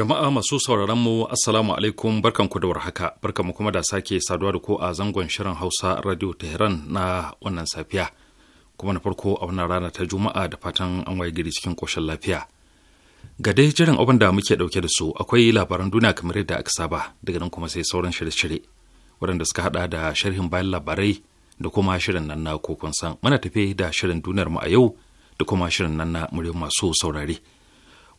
Jama'a masu sauraron mu Assalamu alaikum barkanku da warhaka barkanmu kuma da sake saduwa da ku a zangon shirin Hausa Radio Tehran na wannan safiya kuma na farko a wannan rana ta Juma'a da fatan an waye gari cikin koshin lafiya. Ga dai jiran abin da muke dauke da su akwai labaran duniya kamar yadda aka saba daga nan kuma sai sauran shirye-shirye waɗanda suka hada da sharhin bayan labarai da kuma shirin nan na kokon san muna tafe da shirin duniyar mu a yau da kuma shirin nan na muryar masu saurare.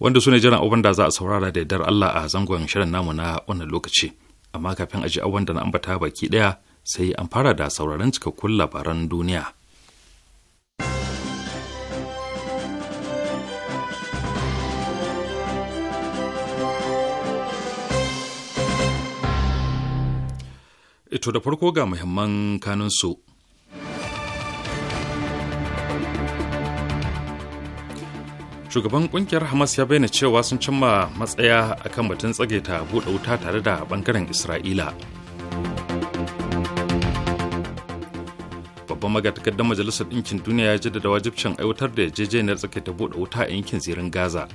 wanda su ne jiran abin da za a saurara da yardar Allah a zangon shirin namu na wannan lokaci. Amma kafin a ji abin da na ambata baki ɗaya sai an fara da sauraron cikakkun labaran duniya. Ito da farko ga muhimman kanunsu. shugaban kungiyar hamas ya bayyana cewa sun cimma matsaya akan batun ta buɗe wuta tare da bangaren isra'ila babban magatakardar majalisar ɗinkin duniya ya jaddada wajibcin aiwatar da yarjejeniyar ta buɗe wuta a yankin zirin gaza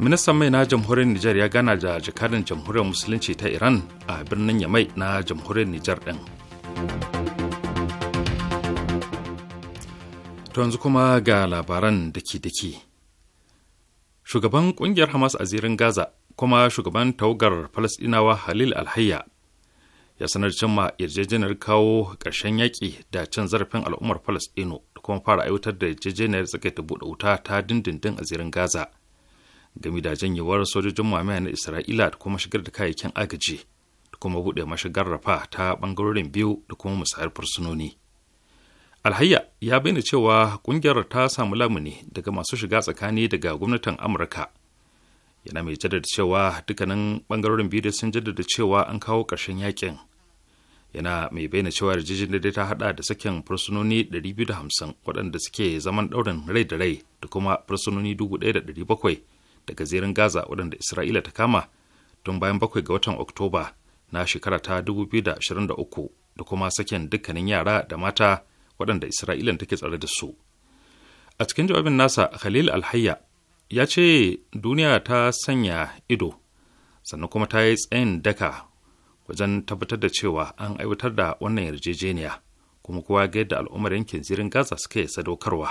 ministan mai na jamhuriyar nijar ya gana da jakadan jamhuriyar musulunci ta iran a birnin yamai na jamhuriyar nijar ɗin To yanzu kuma ga labaran daki-daki. Shugaban ƙungiyar Hamas a zirin Gaza kuma shugaban ta'ugar Falasɗinawa Halil Alhayya ya sanar cimma yarjejeniyar kawo ƙarshen yaƙi da cin zarafin al'ummar Falasɗinu da kuma fara aiwatar da yarjejeniyar tsakaita buɗe wuta ta dindindin a zirin Gaza. Gami da janyewar sojojin mamaya na Isra'ila da kuma shigar da kayayyakin agaji da kuma buɗe mashigar rafa ta ɓangarorin biyu da kuma musayar fursunoni. alhayya ya bayyana cewa kungiyar ta samu lamuni daga masu shiga tsakani daga gwamnatin amurka yana mai jaddada cewa dukkanin bangarorin biyu sun jaddada cewa an kawo ƙarshen yakin yana mai bayyana cewa da ta haɗa da sakin fursunoni 250 waɗanda suke zaman ɗaurin rai da rai da kuma fursunoni 1,700 daga zirin gaza waɗanda isra'ila ta kama tun bayan bakwai ga watan oktoba na shekara ta 2023 da kuma sakin dukkanin yara da mata waɗanda isra'ilan take tsare da su a cikin jawabin nasa khalil alhayya ya ce duniya ta sanya ido sannan kuma ta yi tsayin daka wajen tabbatar da cewa an aiwatar da wannan yarjejeniya kuma kowa ga yadda al'ummar yankin zirin gaza suke sadaukarwa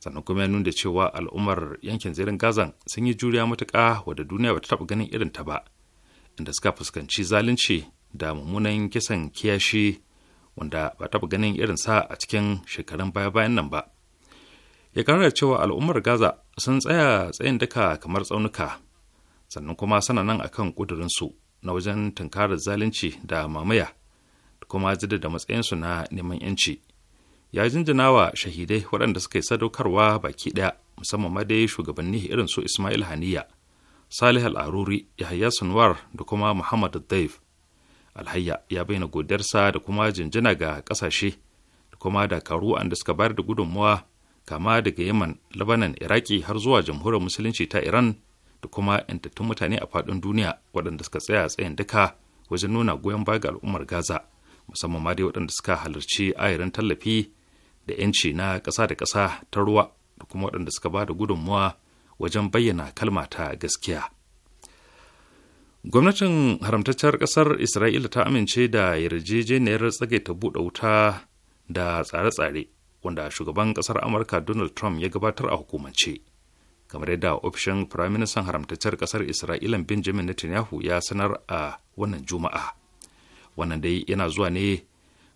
sannan kuma ya nuna da cewa al'ummar yankin zirin gazan sun yi juriya matuka wadda duniya bata taɓa ganin irin ta ba inda suka fuskanci zalunci da mummunan kisan kiyashi wanda ba taɓa ganin irinsa a cikin shekarun baya-bayan nan ba ya da cewa al'ummar gaza sun tsaya tsayin duka kamar tsaunuka sannan kuma sana nan akan ƙudurinsu na wajen tunkarar zalunci da mamaya da kuma da matsayinsu na neman yanci ya jinjina wa shahidai waɗanda suka yi sadaukarwa baki ɗaya musamman ma dai shugabanni irin su ismail haniya salih al'aruri yahya sunwar da kuma muhammad daif alhayya ya bayyana godiyarsa da kuma jinjina ga kasashe da kuma dakaru da suka bayar da gudunmuwa kama daga yaman labanan iraki har zuwa jamhuriyar musulunci ta iran da kuma yantattun mutane a faɗin duniya waɗanda suka tsaya tsayin duka wajen nuna goyon baya ga al'ummar gaza musamman ma dai waɗanda suka halarci ayarin tallafi da 'yanci na ƙasa da ƙasa ta ruwa da kuma waɗanda suka ba da gudunmuwa wajen bayyana kalma ta gaskiya. gwamnatin haramtacciyar ƙasar isra'ila ta amince da yarjejeniyar tsage ta buɗe wuta da tsare-tsare wanda shugaban ƙasar amurka donald trump ya gabatar a hukumance kamar yadda ofishin firaministan haramtacciyar ƙasar isra'ila benjamin netanyahu ya sanar a wannan juma'a wannan dai yana zuwa ne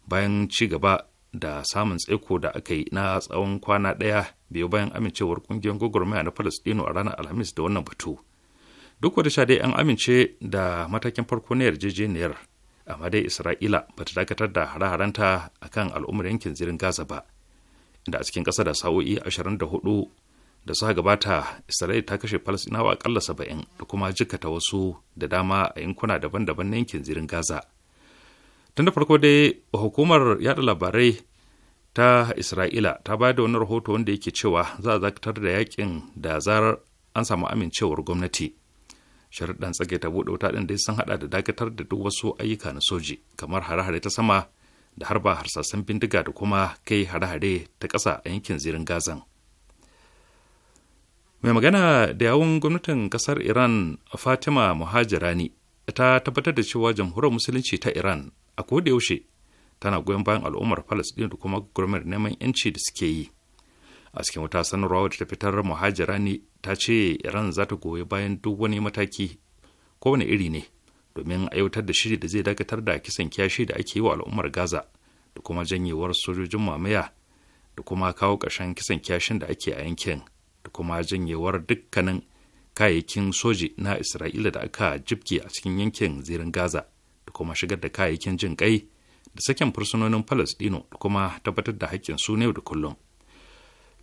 bayan ci gaba da samun tsaiko da aka yi na tsawon kwana ɗaya biyu bayan amincewar ƙungiyar gwagwarmaya na falastino a ranar alhamis da wannan batu duk wata sha dai an amince da matakin farko na yarjejeniyar amma dai isra'ila ba ta dakatar da hare-harenta a kan al'ummar yankin zirin gaza ba inda a cikin ƙasa da sa'o'i 24 da suka gabata isra'ila ta kashe falasinawa akalla 70 da kuma jikata wasu da dama a yankuna daban-daban na yankin zirin gaza tun da farko dai hukumar yada labarai ta isra'ila ta bayar da wani rahoto wanda yake cewa za a dakatar da yakin da zarar an samu amincewar gwamnati tsage ta buɗe wuta ɗin dai sun haɗa da dakatar da duk wasu ayyuka na soji kamar hare-hare ta sama da harba harsasan bindiga da kuma kai hare-hare ta ƙasa a yankin zirin gazan mai magana da yawun gwamnatin ƙasar iran fatima muhajirani ta tabbatar da cewa jamhuriyar musulunci ta iran a koda yaushe tana goyon bayan al'ummar palestine da kuma gwamnatin neman yanci da suke yi a cikin wata sanarwa wadda ta fitar muhajira ne ta ce iran za ta goyi bayan duk wani mataki ko wani iri ne domin aiwatar da shiri da zai dakatar da kisan kyashi da ake yi wa al'ummar gaza da kuma janyewar sojojin mamaya da kuma kawo ƙarshen kisan kyashin da ake a yankin da kuma janyewar dukkanin kayayyakin soji na isra'ila da aka jibge a cikin yankin zirin gaza da kuma shigar da kayayyakin jin kai da saken fursunonin palestino da kuma tabbatar da haƙƙin su na yau da kullum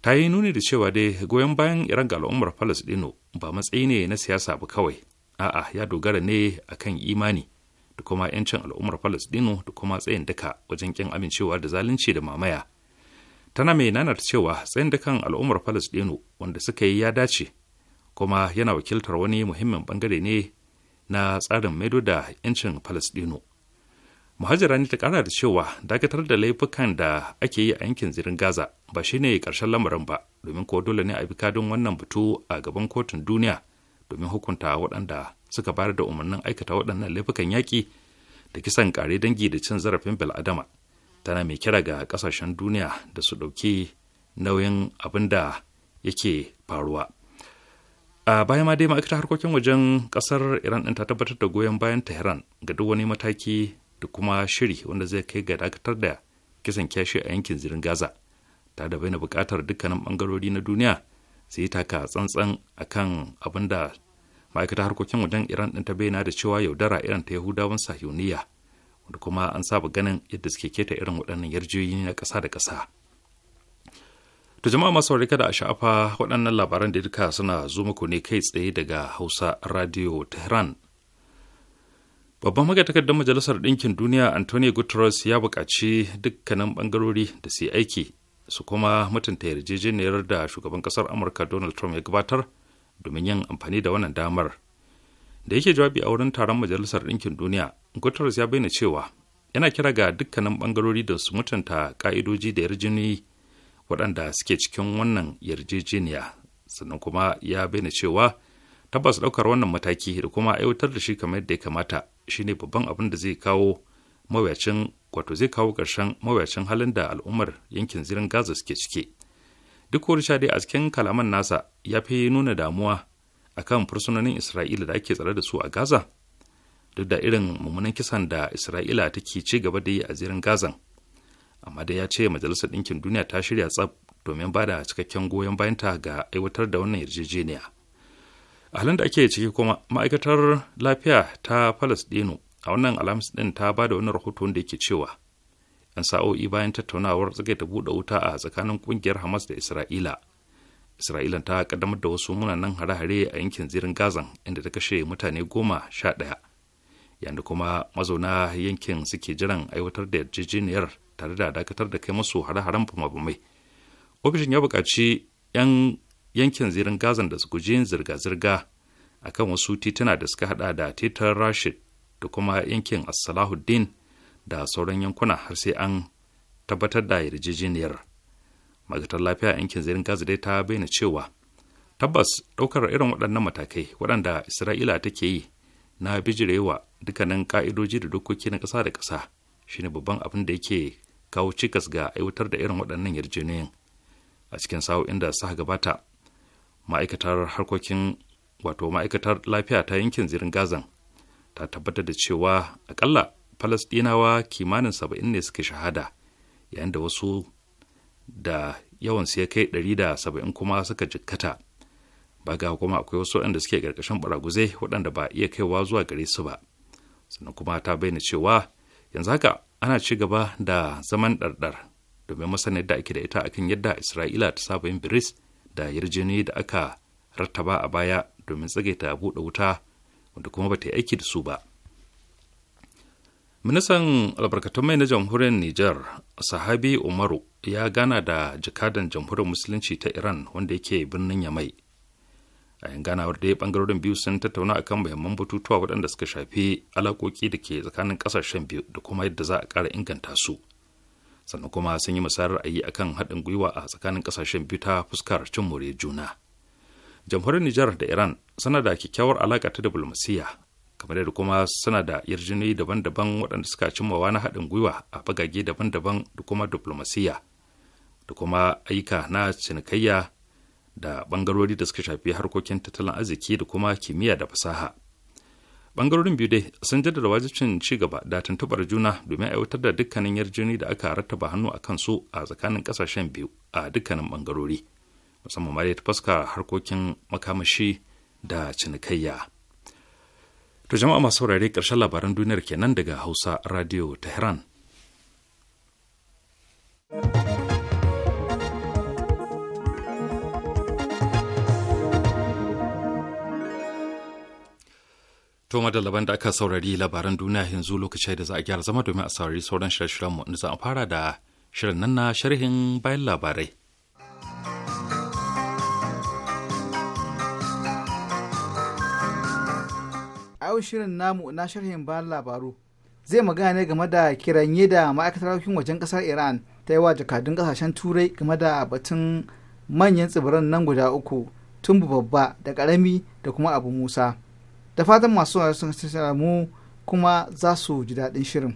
ta yi nuni da cewa dai goyon bayan iran ga al'ummar palestino ba matsayi ne na siyasa ba kawai a'a ya dogara ne akan imani da kuma 'yancin al'ummar palestino da kuma tsayin duka wajen kin amincewa da zalunci da mamaya tana mai nanar cewa tsayin dukan al'ummar palestino wanda suka yi ya dace kuma yana wakiltar wani muhimmin bangare ne na tsarin maido da 'yancin palestino ne ta kara da cewa dakatar da laifukan da ake yi a yankin zirin gaza ba shi ne karshen lamarin ba domin ko dole ne a bi kadin wannan batu a gaban kotun duniya domin hukunta waɗanda suka bayar da umarnin aikata waɗannan laifukan yaƙi da kisan kare dangi da cin zarafin bil'adama tana mai kira ga ƙasashen duniya da su ɗauki nauyin abin da yake faruwa a bayan ma dai ma'aikatar harkokin wajen ƙasar iran ɗin ta tabbatar da goyon bayan tehran ga duk wani mataki da kuma shiri wanda zai kai ga dakatar da kisan kyashi a yankin zirin gaza ta da na bukatar dukkanin bangarori na duniya su yi taka tsantsan a kan abin da ma'aikatar harkokin wajen iran din ta bayyana da cewa yaudara irin ta yahudawan sahiyoniya wanda kuma an saba ganin yadda suke keta irin waɗannan yarjiyoyi na ƙasa da ƙasa to jama'a masu warika da a sha'afa waɗannan labaran da duka suna zo muku ne kai tsaye daga hausa radio tehran babban magatakardar majalisar ɗinkin duniya Anthony guterres ya buƙaci dukkanin ɓangarori da su aiki su kuma mutunta yarjejeniyar da shugaban ƙasar amurka donald trump ya gabatar domin yin amfani da wannan damar da yake jawabi a wurin taron majalisar ɗinkin duniya guterres ya bayyana cewa yana kira ga dukkanin ɓangarori da su mutunta ƙa'idoji da yarjejeniyar waɗanda suke cikin wannan yarjejeniya sannan kuma ya bayyana cewa tabbas ɗaukar wannan mataki da kuma aiwatar da shi kamar yadda ya kamata shi ne babban abin da zai kawo mawuyacin wato zai kawo ƙarshen mawuyacin halin da al'ummar yankin zirin gaza suke ciki duk wani dai a cikin kalaman nasa ya fi nuna damuwa akan fursunonin isra'ila da ake tsare da su a gaza duk da irin mummunan kisan da isra'ila take ci gaba da yi a zirin gazan amma dai ya ce majalisar ɗinkin duniya ta shirya tsab domin ba da cikakken goyon bayanta ga aiwatar da wannan yarjejeniya a halin da ake ciki kuma ma'aikatar lafiya ta dino a wannan alhamis din ta ba da wani rahoton da yake cewa yan sa'o'i bayan tattaunawar tsagai ta buɗe wuta a tsakanin ƙungiyar hamas da isra'ila isra'ila ta kaddamar da wasu munanan hare-hare a yankin zirin gazan inda ta kashe mutane goma sha ɗaya yanda kuma mazauna yankin suke jiran aiwatar da yarjejeniyar tare da dakatar da kai masu hare-haren bumabumai ofishin ya buƙaci 'yan yankin zirin gazan da su guji yin zirga-zirga a kan wasu tituna da suka hada da titar rashid da kuma yankin assalahuddin da sauran yankuna har sai an tabbatar da yarjejeniyar magatar lafiya yankin zirin gaza dai ta bayyana cewa tabbas ɗaukar irin waɗannan matakai waɗanda isra'ila take yi na bijirewa dukkanin ka'idoji da dokoki na ƙasa da ƙasa shine babban abin da yake kawo cikas ga aiwatar da irin waɗannan yarjejeniyar a cikin sa'o'in da suka gabata ma'aikatar harkokin wato ma'aikatar lafiya ta yankin zirin gazan ta tabbatar da cewa akalla falasdinawa kimanin saba'in ne suka shahada yayin da wasu da yawan ya kai ɗari da saba'in kuma suka jikkata ba ga kuma akwai wasu waɗanda suke ƙarƙashin baraguzai waɗanda ba iya kaiwa zuwa gare su ba sannan kuma ta bayyana cewa yanzu haka ana ci gaba da zaman ɗarɗar domin masanin da ake da ita akan yadda isra'ila ta saba yin biris da yarjejeniyoyi da aka rattaba a baya domin tsagaita buɗe wuta wanda kuma ba ta yi aiki da su ba ministan albarkatun mai na jamhuriyar nijar sahabi umaru ya gana da jakadan jamhuriyar musulunci ta iran wanda yake birnin yamai a yan ganawar dai bangarorin biyu sun tattauna akan muhimman batutuwa waɗanda suka shafi alaƙoƙi da ke tsakanin ƙasashen biyu da kuma yadda za a ƙara inganta su sannan kuma sun yi musayar ra'ayi kan haɗin gwiwa a tsakanin ƙasashen biyu ta fuskar cin more juna jamhuriyar nijar da iran suna da kyakkyawar alaƙa ta diplomasiya kamar yadda kuma suna da yarjinoyi daban-daban waɗanda suka cimmawa na haɗin gwiwa a bagage daban-daban da kuma diplomasiya da kuma aika na cinikayya da ɓangarori da suka shafi harkokin tattalin arziki da kuma kimiyya da fasaha bangarorin biyu dai sun jaddada wajibcin ci gaba da tuntubar juna domin aiwatar da dukkanin yarjini da aka rattaba hannu a kansu a tsakanin kasashen biyu a dukkanin bangarori musamman ma ta fuska harkokin makamashi da cinikayya to jama'a masu saurare karshen labaran duniyar kenan daga hausa radio tehran To madallaban da aka saurari labaran duniya yanzu lokacin da za a gyara zama domin a saurari sauran shirye-shiryenmu mu za a fara da shirin nan na sharhin bayan labarai. a yau shirin namu na sharhin bayan labaru zai magana ne game da kiranye da ma'aikatar harkokin wajen kasar iran ta yi wa jakadun kasashen turai game da batun manyan tsibiran nan guda uku tun babba da karami da kuma abu musa da fatan masu sun mu kuma za su ji daɗin shirin.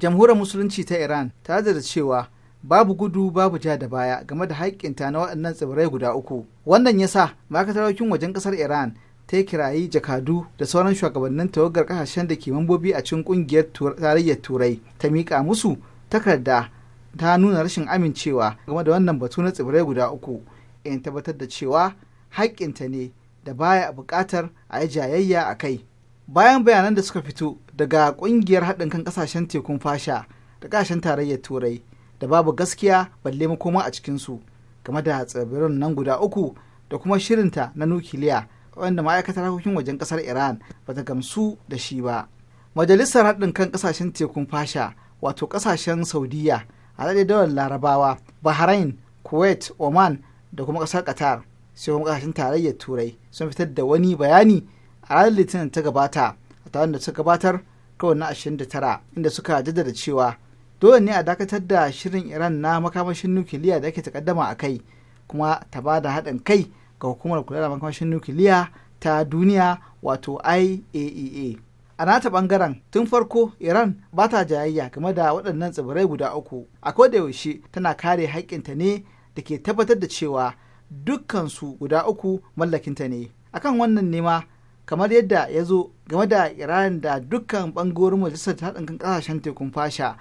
jamhuriyar musulunci ta iran ta da cewa babu gudu babu ja da baya game da haƙƙinta na waɗannan tsibirai guda uku wannan ya sa ma'aikatarokin wajen ƙasar iran ta kirayi jakadu da sauran shugabannin tawagar ƙasashen da ke mambobi a cikin ƙungiyar tarayyar turai ta miƙa musu takarda ta nuna rashin amincewa game da wannan batu na tsibirai guda uku in tabbatar da cewa haƙƙinta ne da baya buƙatar a yi jayayya a kai bayan bayanan da suka fito daga ƙungiyar haɗin kan ƙasashen tekun fasha da ƙasashen tarayyar turai da babu gaskiya balle makoma a cikinsu game da tsibirin nan guda uku da kuma shirinta na nukiliya wanda ma'aikatar harkokin wajen ƙasar iran ba ta gamsu da shi ba majalisar haɗin kan ƙasashen tekun fasha wato ƙasashen saudiya a daɗe dawar larabawa bahrain kuwait oman da kuma ƙasar qatar sai kuma kasashen tarayyar turai sun fitar da wani bayani a ranar litinin ta gabata a taron da suka gabatar kawai na tara inda suka jaddada cewa dole ne a dakatar da shirin iran na makamashin nukiliya da ake takaddama a kai kuma ta ba da haɗin kai ga hukumar kula da makamashin nukiliya ta duniya wato iaea e a nata bangaren tun farko iran ba ta jayayya game da waɗannan tsibirai guda uku a yaushe tana kare haƙƙinta ne da ke tabbatar da cewa dukkansu guda uku mallakinta ne akan wannan nema kamar yadda ya zo game da iran da dukkan bangorin majalisar haɗin kan ƙasashen tekun fasha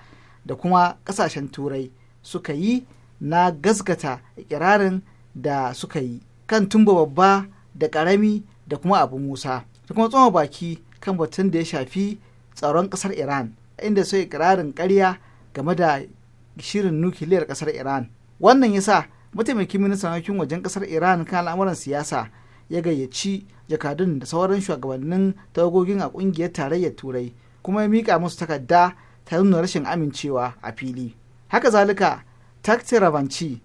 da kuma ƙasashen turai suka yi na gaskata ikirarin da suka yi kan tumba babba da ƙarami da kuma abu musa da kuma tsoma baki kan batun da ya shafi tsaron ƙasar iran inda sai ikirarin ƙarya game da shirin nukiliyar ƙasar iran wannan yasa mataimakin ministan harkokin wajen kasar iran kan al'amuran siyasa ya gayyaci jakadun da sauran shugabannin tawagogin a kungiyar tarayyar turai kuma ya mika musu takarda ta nuna rashin amincewa a fili haka zalika takti ravanci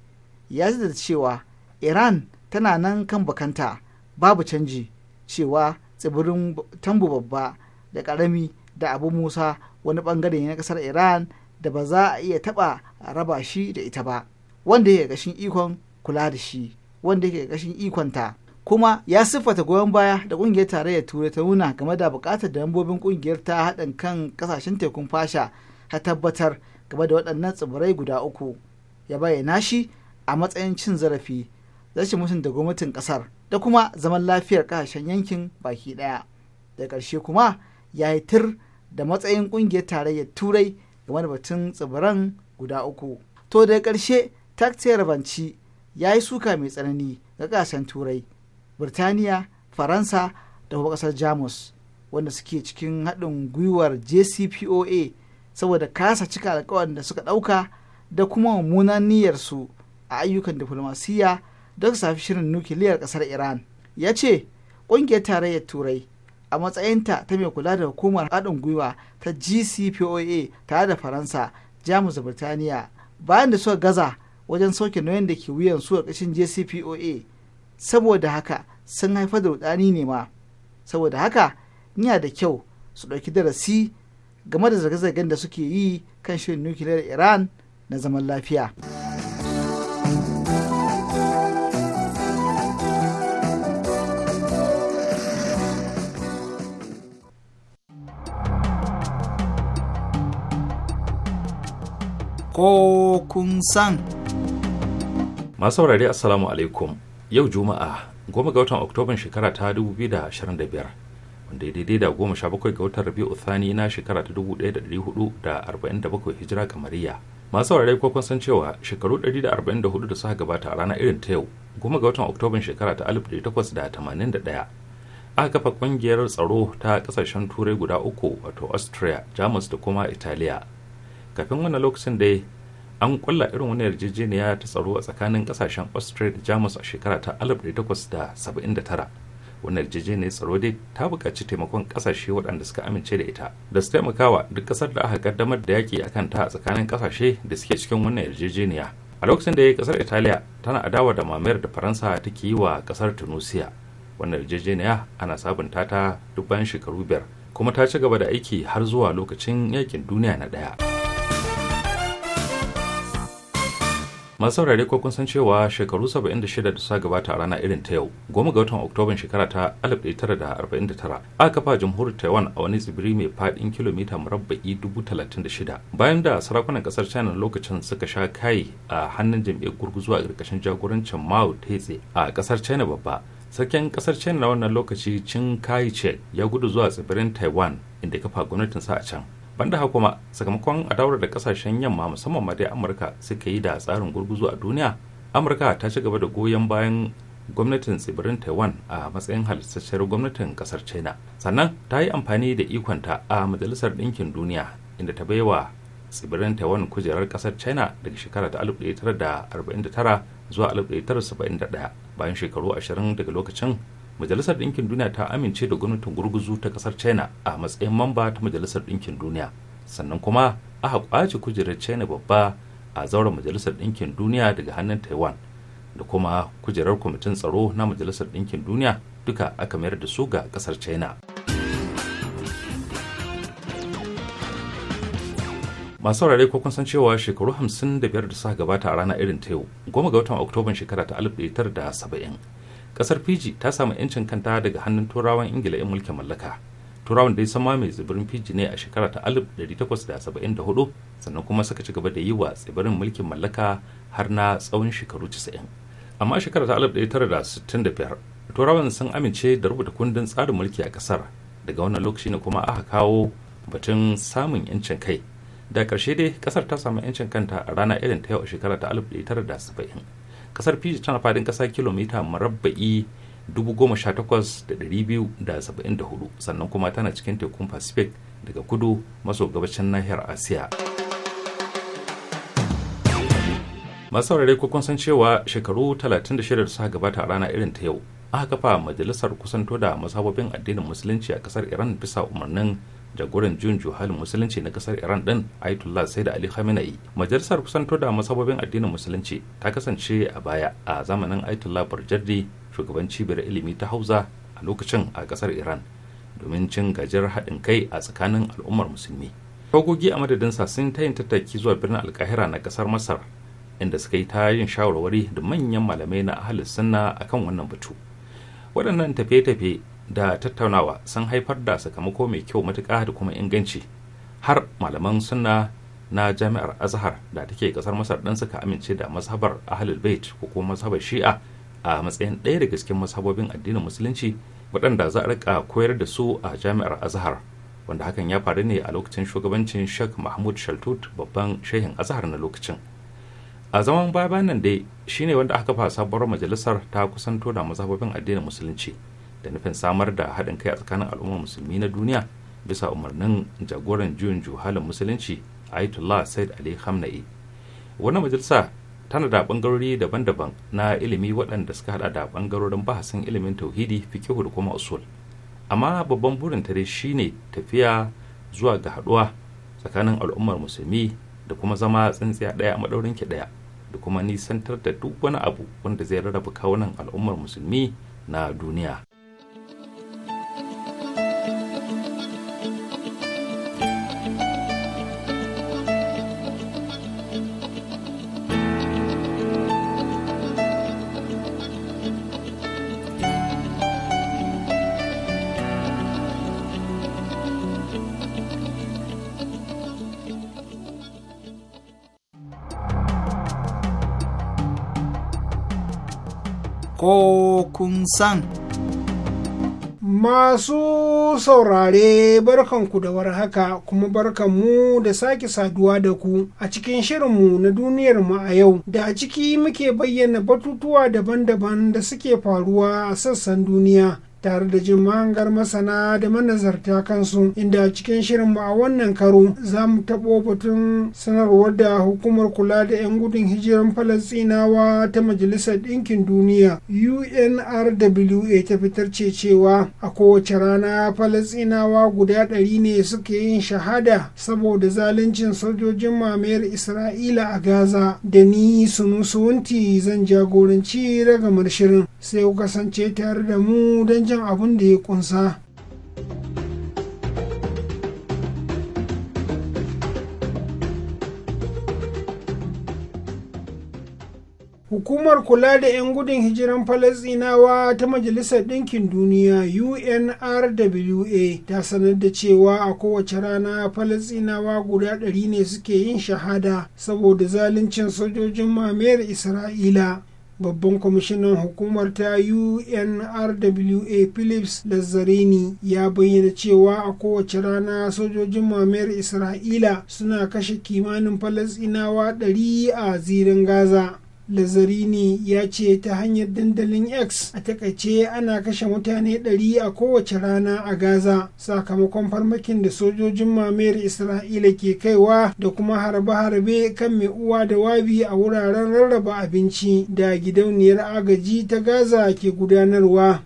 ya da cewa iran tana nan kan bakanta babu canji cewa tsibirin tambu babba da karami da abu musa wani bangare ne na kasar iran da ba za a iya taba raba shi da ita ba wanda yake gashin ikon kula da shi wanda yake gashin ikonta kuma ya siffata goyon baya da kungiyar tarayyar turai ta nuna game da bukatar da lambobin kungiyar ta haɗin kan kasashen tekun fasha ta tabbatar game da waɗannan tsibirai guda uku ya bayyana shi a matsayin cin zarafi rashin da gwamnatin ƙasar da kuma zaman lafiyar ƙasashen yankin baki ɗaya da ƙarshe kuma ya yi tir da matsayin kungiyar tarayyar turai game da batun tsibiran guda uku to da ƙarshe taktiyar banci ya yi suka mai tsanani ga kasan turai birtaniya faransa da kuma ƙasar jamus wanda suke cikin haɗin gwiwar jcpoa saboda kasa cika alkawarin da suka ɗauka da kuma mummunan niyyarsu a ayyukan diflomasiyya don safi shirin nukiliyar ƙasar iran ya ce ƙungiyar tarayyar turai a matsayinta ta mai kula da hukumar haɗin gwiwa ta gcpoa tare da faransa jamus da birtaniya bayan da suka gaza wajen sauke nauyin da ke wuyan su a ƙashin jcpoa saboda haka sun haifar da rudani ne ma saboda haka yana da kyau su ɗauki darasi game da zirga-zirgar da suke yi kan shirin nukiliyar iran na zaman lafiya. ko kun san. masu saurare assalamu alaikum yau juma'a goma ga watan oktoban shekara ta 2025 wanda ya daidai da goma sha bakwai ga watan rabi'u thani na shekara ta 1447 hijira kamariya masu saurare ko kun san cewa shekaru 144 da suka gabata a ranar irin ta yau goma ga watan oktoban shekara ta 1881 aka kafa kungiyar tsaro ta kasashen turai guda uku wato austria jamus da kuma italiya kafin wannan lokacin dai an kulla irin wani yarjejeniya ta tsaro a tsakanin kasashen austria da jamus a shekara ta 1879 wannan yarjejeniyar tsaro dai ta bukaci taimakon kasashe waɗanda suka amince da ita da su taimakawa duk ƙasar da aka kaddamar da yaƙi akan ta a tsakanin kasashe da suke cikin wannan yarjejeniya a lokacin da ya kasar italiya tana adawa da mamayar da faransa take yi wa kasar tunisia wannan yarjejeniya ana sabunta ta duk bayan shekaru biyar kuma ta ci gaba da aiki har zuwa lokacin yakin duniya na ɗaya. masu saurare ko kun san cewa shekaru 76 da suka gabata a rana irin ta yau goma ga watan oktoban shekara ta 1949 aka kafa jamhuriyar taiwan a wani tsibiri mai fadin kilomita murabba'i 36 bayan da sarakunan kasar china lokacin suka sha kai a hannun jam'iyyar gurguzu a ƙarƙashin jagorancin mao tse a kasar china babba sarkin kasar china na wannan lokaci cin kai ya gudu zuwa tsibirin taiwan inda kafa gwamnatin sa a can banda haka kuma sakamakon adawar da kasashen yamma musamman ma dai amurka suka yi da tsarin gurguzu a duniya amurka ta ci gaba da goyon bayan gwamnatin tsibirin taiwan a matsayin halittacciyar gwamnatin kasar china sannan ta yi amfani da ikonta a majalisar ɗinkin duniya inda ta baiwa tsibirin taiwan kujerar kasar china daga shekara ta 1949 zuwa 1971 bayan shekaru 20 daga lokacin majalisar ɗinkin duniya ta amince da gwamnatin gurguzu ta kasar china a matsayin mamba ta majalisar ɗinkin duniya sannan kuma aka kwace kujerar china babba a zauren majalisar ɗinkin duniya daga hannun taiwan da kuma kujerar kwamitin tsaro na majalisar ɗinkin duniya duka aka mayar da su ga kasar china masu rarai ko kun san cewa shekaru 55 da suka gabata a rana irin ta yau goma ga watan oktoban shekara ta 1970 kasar fiji ta samu 'yancin kanta daga hannun turawan ingila 'yan mulkin mallaka turawan da ya sama mai tsibirin fiji ne a shekara ta 1874 sannan kuma suka ci gaba da yi wa tsibirin mulkin mallaka har na tsawon shekaru 90 amma a shekara ta 1965 turawan sun amince da rubuta kundin tsarin mulki a kasar daga wannan lokaci ne kuma aka kawo batun samun 'yancin kai da karshe dai kasar ta samu 'yancin kanta a rana irin ta yau a shekara ta 1970 kasar fiji tana fadin kasa kilomita marabba'i 18,274 sannan kuma tana cikin tekun pacific daga kudu maso gabashin nahiyar asiya masu saurare ko kun san cewa shekaru 36 da suka gabata a rana irin ta yau aka kafa majalisar kusanto da masababin addinin musulunci a kasar iran bisa umarnin jagoran juyin juhalin musulunci na kasar iran din ayatollah da ali khamenei majalisar kusanto da masababin addinin musulunci ta kasance a baya a zamanin ayatollah burjardi shugaban cibiyar ilimi ta hauza a lokacin a kasar iran domin cin gajiyar haɗin kai a tsakanin al'ummar musulmi togogi a madadin sa sun ta yin tattaki zuwa birnin alkahira na kasar masar inda suka yi ta yin shawarwari da manyan malamai na ahalin sunna akan wannan batu waɗannan tafiye-tafiye da tattaunawa sun haifar da sakamako mai kyau matuƙa da kuma inganci har malaman sunna na jami'ar azhar da take kasar masar ɗin suka amince da mazhabar ahlul bait ko kuma mazhabar shi'a a matsayin ɗaya daga cikin mazhabobin addinin musulunci waɗanda za a rika koyar da su a jami'ar azhar wanda hakan ya faru ne a lokacin shugabancin sheikh mahmud shaltut babban shehin azhar na lokacin a zaman baya nan dai shine wanda aka fa sabuwar majalisar ta kusanto da mazhabobin addinin musulunci da nufin samar da haɗin kai a tsakanin al'ummar musulmi na duniya bisa umarnin jagoran juyin juhalin musulunci ayatollah said ali hamna'i wannan majalisa tana da bangarori daban-daban na ilimi waɗanda suka haɗa da bangarorin bahasin ilimin tauhidi fikihu da kuma usul amma babban burin ta dai shine tafiya zuwa ga haɗuwa tsakanin al'ummar musulmi da kuma zama tsintsiya ɗaya a maɗaurin ki ɗaya da kuma nisantar da duk wani abu wanda zai rarraba kawunan al'ummar musulmi na duniya kun san. Masu saurare barkanku da warhaka kuma barkanmu da sake saduwa da ku a cikin shirinmu na duniyarmu a yau da a ciki muke bayyana batutuwa daban-daban da suke faruwa a sassan duniya tare da jin mahangar masana da manazarta kansu inda cikin shirinmu a wannan karo za mu taɓo batun sanarwar da hukumar kula da 'yan gudun hijiran falasinawa ta majalisar ɗinkin duniya unrwa ta fitar ce cewa a kowace rana falasinawa guda ɗari ne suke yin shahada saboda zaluncin sojojin mamayar isra'ila a gaza da ni sunusuwunti zan jagoranci ragamar shirin sai kasance tare da mu don jan abin da ya kunsa Hukumar kula da 'yan gudun hijiran Falasinawa ta Majalisar Ɗinkin Duniya UNRWA ta sanar da cewa a kowace rana falasinawa guda ɗari ne suke yin shahada saboda zaluncin sojojin mamayar Isra'ila. babban kwamishinan hukumar ta unrwa philips lazzarini ya bayyana cewa a kowace rana sojojin mamayar isra'ila suna kashe kimanin falasinawa 100 a zirin gaza Lazarini ya ce ta hanyar dandalin X a takaice ana kashe mutane ɗari a kowace rana a Gaza sakamakon farmakin da sojojin mamayar Isra'ila ke kaiwa da kuma harbe-harbe kan mai uwa da wabi a wuraren rarraba abinci da gidauniyar agaji ta Gaza ke gudanarwa.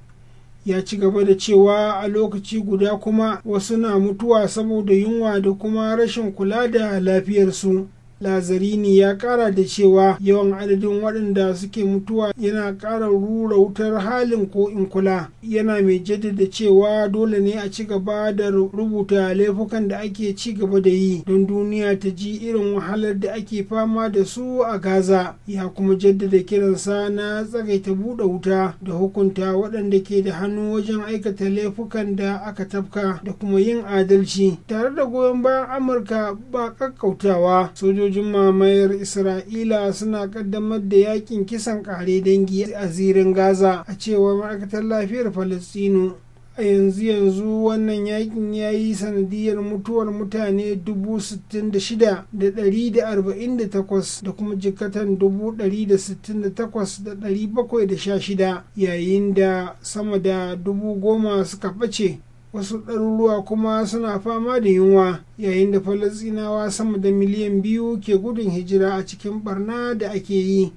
ya ci gaba da cewa a lokaci guda kuma wasu na mutuwa saboda yunwa da kuma rashin kula da lafiyarsu lazarini ya kara da cewa yawan adadin waɗanda suke mutuwa yana ƙara rura wutar halin ko in kula yana mai jaddada cewa dole ne a ci gaba da rubuta laifukan da ake ci gaba da yi don duniya ta ji irin wahalar da ake fama da su a gaza ya kuma jaddada kiransa na tsagaita buɗe wuta da hukunta waɗanda ke da hannu wajen aikata laifukan da aka tafka da kuma yin adalci tare da goyon bayan amurka ba ƙaƙƙautawa sojoji sojojin mamayar isra'ila suna kaddamar da yakin kisan kare dangi a zirin gaza a cewar ma'aikatar lafiyar falastino a yanzu yanzu wannan yakin ya yi sanadiyar mutuwar mutane 66,148 da kuma jikatan 168,716 yayin da sama da 10,000 suka ɓace wasu ɗaruruwa kuma suna fama da yunwa yayin da falasinawa sama da miliyan biyu ke gudun hijira a cikin barna da ake yi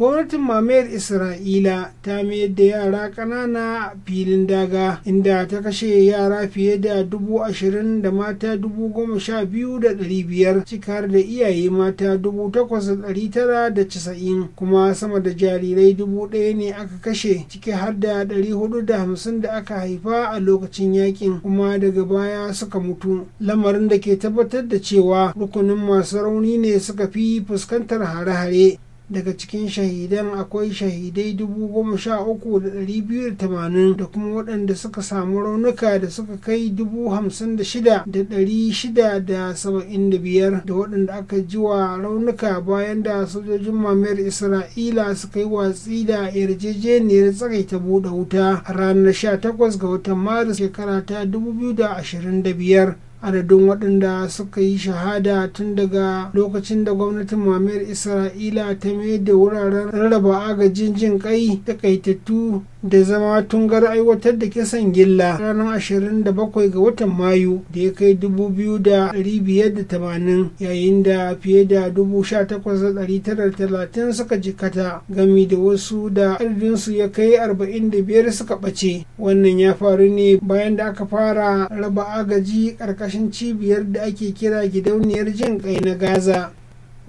gwamnatin mamayar isra'ila ta mayar da yara ƙanana a filin daga inda ta kashe yara fiye da dubu ashirin da mata dubu goma sha biyu da ɗari biyar cikar da iyaye mata dubu takwas da ɗari tara da casa'in kuma sama da jarirai dubu ɗaya ne aka kashe ciki har da ɗari hudu da hamsin da aka haifa a lokacin yakin kuma daga baya suka mutu lamarin da ke tabbatar da cewa rukunin masu rauni ne suka fi fuskantar hare-hare daga cikin shahidan akwai shahidai 13,280 da kuma waɗanda suka samu raunuka da suka kai 56,675 da waɗanda aka ji wa raunuka bayan da sojojin mamayar isra'ila suka yi watsi da yarjejeniyar tsakaita buɗe wuta ranar sha takwas ga watan maris shekara ta da da biyar. adadin waɗanda suka yi shahada tun daga lokacin da gwamnatin mamayar isra'ila ta mai da wuraren rarraba agajin jin kai takaitattu da zama tungar aiwatar da kisan gilla ranar 27 ga watan mayu da ya kai 2,580 yayin da fiye da 18,930 suka jikata gami da wasu da adadinsu ya kai arba'in da biyar suka ɓace wannan ya faru ne bayan da aka fara raba agaji ƙarƙashin ƙarƙashin cibiyar da ake kira gidauniyar jin kai na gaza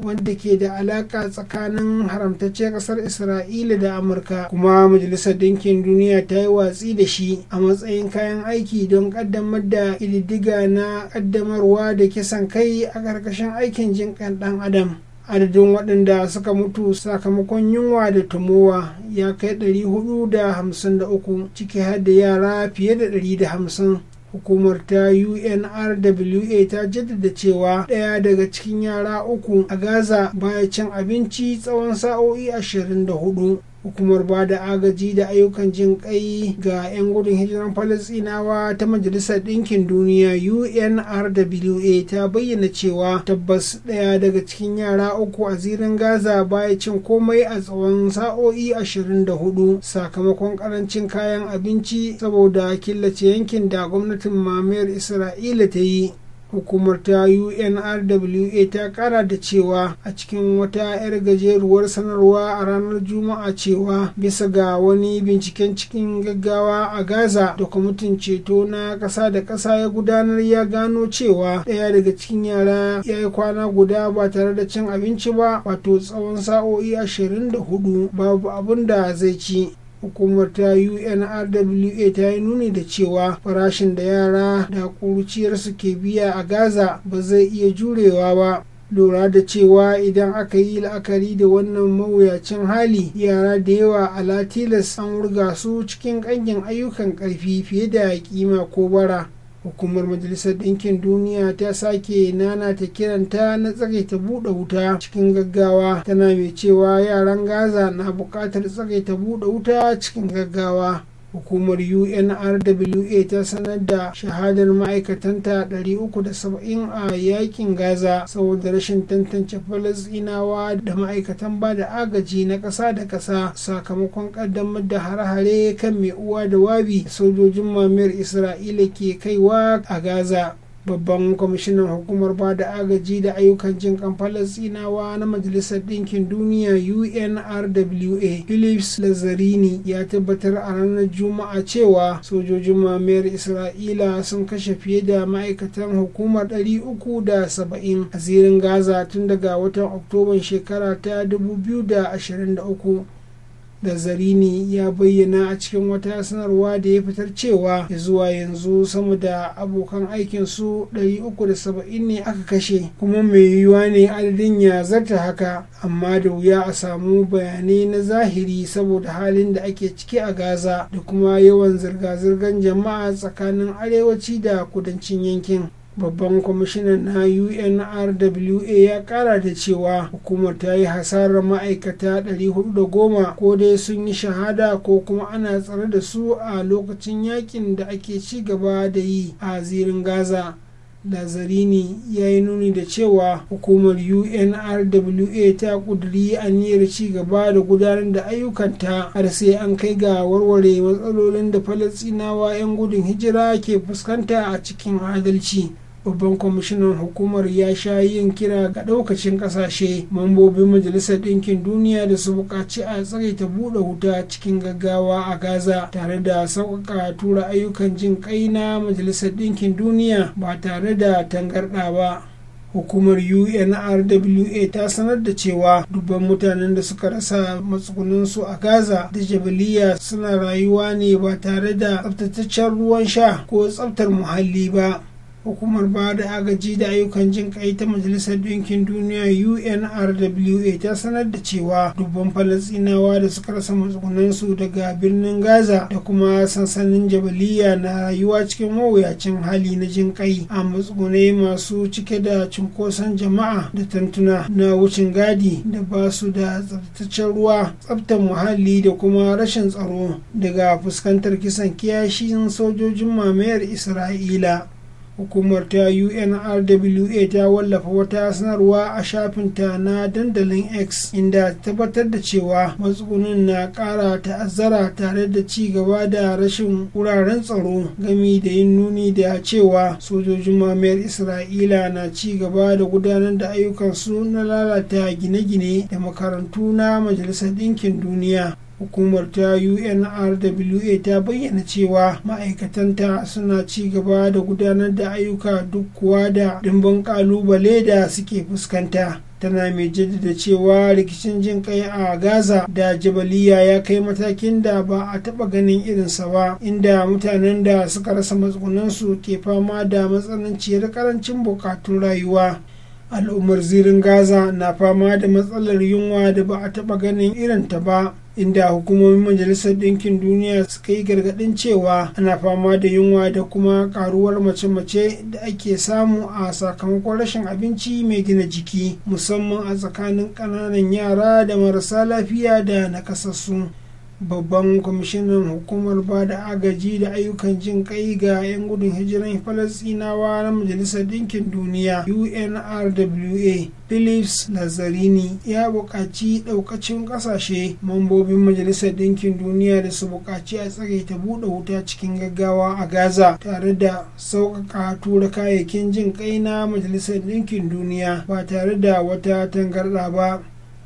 wanda ke da alaƙa tsakanin haramtaccen ƙasar isra'ila da amurka kuma majalisar Dinkin duniya ta yi watsi da shi a matsayin kayan aiki don ƙaddamar da ididdiga na ƙaddamarwa da kisan kai a ƙarƙashin aikin jin ɗan adam adadin waɗanda suka mutu sakamakon yunwa da tumowa ya kai 453 ciki har da yara fiye da 150 hukumar ta unrwa ta jaddada cewa ɗaya daga cikin yara uku a gaza baya cin abinci tsawon sa'o'i 24 hukumar ba da agaji da ayyukan jin kai ga 'yan gudun hijiran falasinawa ta majalisar ɗinkin duniya unrwa ta bayyana cewa tabbas ɗaya daga cikin yara uku a zirin gaza baya cin komai a tsawon sa'o'i 24 sakamakon ƙarancin kayan abinci saboda killace yankin da gwamnatin mamayar isra'ila ta yi hukumar ta unrwa ta kara da cewa a cikin wata 'yar gajeruwar sanarwa a ranar juma'a cewa bisa ga wani binciken cikin gaggawa a gaza da kwamitin ceto na ƙasa da ƙasa ya gudanar ya gano cewa ɗaya daga cikin yara ya yi kwana guda ba tare da cin abinci ba wato tsawon sa'o'i 24 babu abin da zai ci hukumar ta unrwa ta yi nuni da cewa farashin da yara da su ke biya a gaza ba zai iya jurewa ba lura da cewa idan aka yi la'akari da wannan mawuyacin hali yara da yawa a latilas an wurga su cikin ƙangin ayyukan ƙarfi fiye da kima ko bara hukumar majalisar ɗinkin duniya ta sake nana ta kiranta na ta buɗe wuta cikin gaggawa tana mai cewa yaran gaza na buƙatar ta buɗe wuta cikin gaggawa hukumar unrwa ta sanar da shahadar ma'aikatanta 370 a yakin gaza saboda rashin tantance falasinawa da ma'aikatan ba da agaji na ƙasa da ƙasa sakamakon ƙaddamar da hare-hare kan mai uwa da wabi sojojin mamayar isra'ila ke kaiwa a gaza babban kwamishinan hukumar ba da agaji da ayyukan jin kan falasinawa na majalisar ɗinkin duniya unrwa philips lazarini ya tabbatar a ranar juma'a cewa sojojin mamayar isra'ila sun kashe fiye da ma'aikatan hukumar 370 a zirin gaza tun daga watan oktoban shekara ta 2023 Da zarini ya bayyana a cikin wata sanarwa da ya fitar cewa zuwa yanzu sama da abokan aikin aikinsu 370 ne aka kashe kuma mai yiwuwa ne adadin ya zarta haka amma da wuya a samu bayanai na zahiri saboda halin da ake ciki a Gaza da kuma yawan zirga-zirgar jama'a tsakanin arewaci da kudancin yankin. babban kwamishinan na unrwa ya kara da cewa hukumar ta yi hasarar ma'aikata 410 ko dai sun yi shahada ko kuma ana tsare da su a lokacin yakin da ake ci gaba da yi a zirin gaza lazarini ya yi nuni da cewa hukumar unrwa ta kuduri aniyar ci gaba da gudanar da ayyukanta har sai an kai ga warware matsalolin da falasinawa 'yan gudun hijira ke fuskanta a cikin adalci babban kwamishinan hukumar ya sha yin kira ga daukacin kasashe mambobin majalisar ɗinkin duniya da su buƙaci a ta buɗe wuta cikin gaggawa a gaza tare da sauƙaƙa tura ayyukan jin kai na majalisar ɗinkin duniya ba tare da tangarɗa ba hukumar unrwa ta sanar da cewa dubban mutanen da suka rasa matsugunansu a gaza da jabaliya suna rayuwa ne ba tare da tsaftataccen ruwan sha ko tsaftar muhalli ba hukumar ba da agaji da ayyukan jin kai ta majalisar Dinkin duniya unrwa ta sanar da cewa dubban falasinawa da suka rasa matsugunansu daga birnin gaza da kuma sansanin jabaliya na rayuwa cikin mawuyacin hali na jin kai a matsugunai masu cike da cunkoson jama'a da tantuna na wucin gadi da ba su da tsabtaccen ruwa tsabtar muhalli da kuma rashin tsaro daga fuskantar kisan kiyashin sojojin mamayar isra'ila hukumar ta unrwa ta wallafa wata sanarwa a shafinta na dandalin x inda tabbatar da cewa matsugunin na kara ta'azzara tare da ci gaba da rashin wuraren tsaro gami da yin nuni da cewa sojojin mamayar isra'ila na ci gaba da gudanar da ayyukansu na lalata gine-gine da makarantu na majalisar ɗinkin duniya hukumar ta unrwa ta bayyana cewa ma'aikatanta suna ci gaba da gudanar da ayyuka duk kuwa da dimbin kalubale da suke fuskanta tana mai jaddada cewa rikicin jin kai a gaza da jabaliya ya kai matakin da ba a taba ganin irinsa ba inda mutanen da suka rasa matsugunansu ke fama da matsananciyar karancin bukatun rayuwa al'ummar zirin gaza na fama da matsalar yunwa da ba a taɓa ganin irin ta ba inda hukumomin majalisar ɗinkin duniya suka yi gargaɗin cewa ana fama da yunwa da kuma karuwar mace-mace da ake samu a sakamakon rashin abinci mai gina jiki musamman a tsakanin ƙananan yara da marasa lafiya da nakasassu babban kwamishinan hukumar ba da agaji da ayyukan jin kai ga 'yan gudun hijiran falasinawa na majalisar Dinkin duniya unrwa philips nazarini ya buƙaci ɗaukacin ƙasashe mambobin majalisar Dinkin duniya da su buƙaci a tsare ta buɗe wuta cikin gaggawa a gaza tare da sauƙaƙa tura kayayyakin jin kai na majalisar Dinkin duniya ba tare da wata tangarɗa ba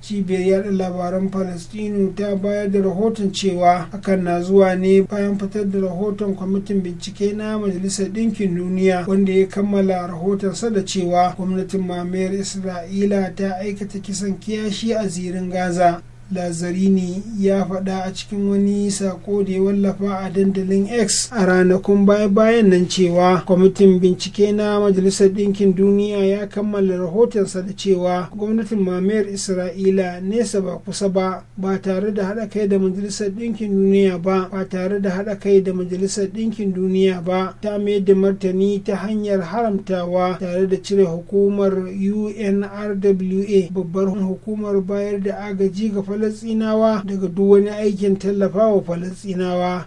cibiyar labaran palestino ta bayar da rahoton cewa hakan na zuwa ne bayan fitar da rahoton kwamitin bincike na majalisar ɗinkin duniya wanda ya kammala rahotonsa da cewa gwamnatin mamayar isra'ila ta aikata kisan kiyashi a zirin gaza lazarini ya faɗa a cikin wani sako da ya wallafa a dandalin x a ranakun baya-bayan nan cewa kwamitin bincike na majalisar ɗinkin duniya ya kammala rahotonsa da cewa gwamnatin mamayar isra'ila nesa ba kusa ba ba tare da haɗa kai da majalisar ɗinkin duniya ba ba tare da haɗa kai da majalisar ɗinkin duniya ba ta mai da martani ta hanyar haramtawa tare da cire hukumar unrwa babbar hukumar bayar da agaji ga falasinawa daga duk wani aikin tallafawa falasinawa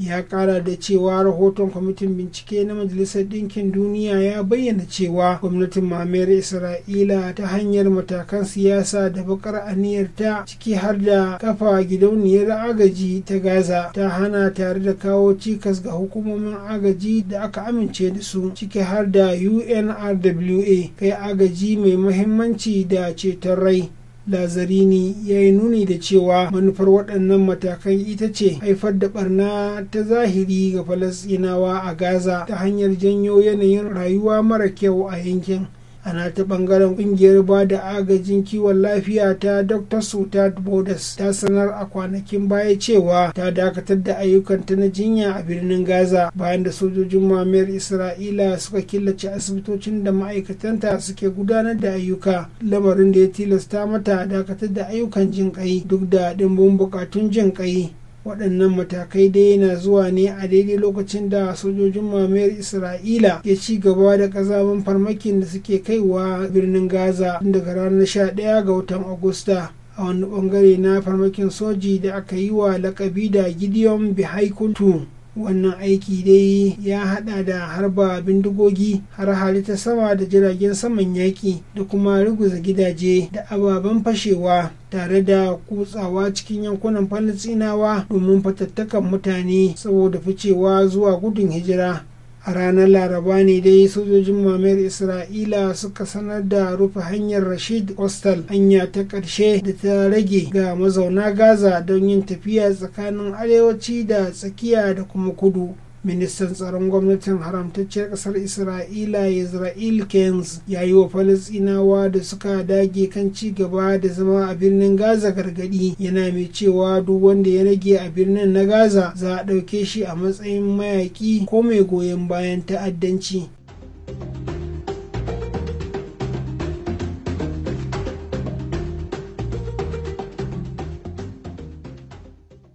ya kara da cewa rahoton kwamitin bincike na majalisar ɗinkin duniya ya bayyana cewa gwamnatin mamayar isra'ila ta hanyar matakan siyasa da bakar aniyarta ciki har da kafa gidauniyar agaji ta gaza ta hana tare da kawo cikas ga hukumomin agaji da aka amince da su ciki har da unrwa kai agaji mai muhimmanci da ceton rai lazarini ya yi nuni da cewa manufar waɗannan matakan ita ce haifar da barna ta zahiri ga Falasinawa a gaza ta hanyar janyo yanayin rayuwa mara kyau a yankin Ana ta bangaren kungiyar ba da agajin kiwon lafiya ta dr sutad bodas ta sanar a kwanakin baya cewa ta dakatar da ayyukanta na jinya a birnin gaza bayan da sojojin mamayar isra'ila suka killace asibitocin da ma'aikatanta suke gudanar da ayyuka lamarin da ya tilasta mata dakatar da ayyukan jinƙai duk da dimbin bukatun jinƙai waɗannan matakai dai yana zuwa ne a daidai lokacin da sojojin mamayar isra'ila ke ci gaba da ƙazamin farmakin da suke kaiwa birnin gaza daga ranar sha ɗaya ga watan agusta a wani ɓangare na farmakin soji da aka yi wa lakabi da gideon bihaikutu wannan aiki dai ya hada da harba bindigogi har hali sama da jiragen saman yaƙi da kuma ruguza gidaje da ababen fashewa tare da kutsawa cikin yankunan falastinawa domin fatattakan mutane saboda ficewa zuwa gudun hijira a ranar laraba ne dai sojojin mamayar isra'ila suka sanar da rufe hanyar rashid hostel hanya ta ƙarshe da ta rage ga mazauna gaza don yin tafiya tsakanin arewaci da tsakiya da kuma kudu ministan tsaron gwamnatin haramtacciyar kasar isra'ila Isra'il kenz ya yi wa falasinawa da suka dage kan ci gaba da zama a birnin gaza gargadi yana mai cewa duk wanda ya rage a birnin na gaza za a ɗauke shi a matsayin mayaƙi ko mai goyon bayan ta'addanci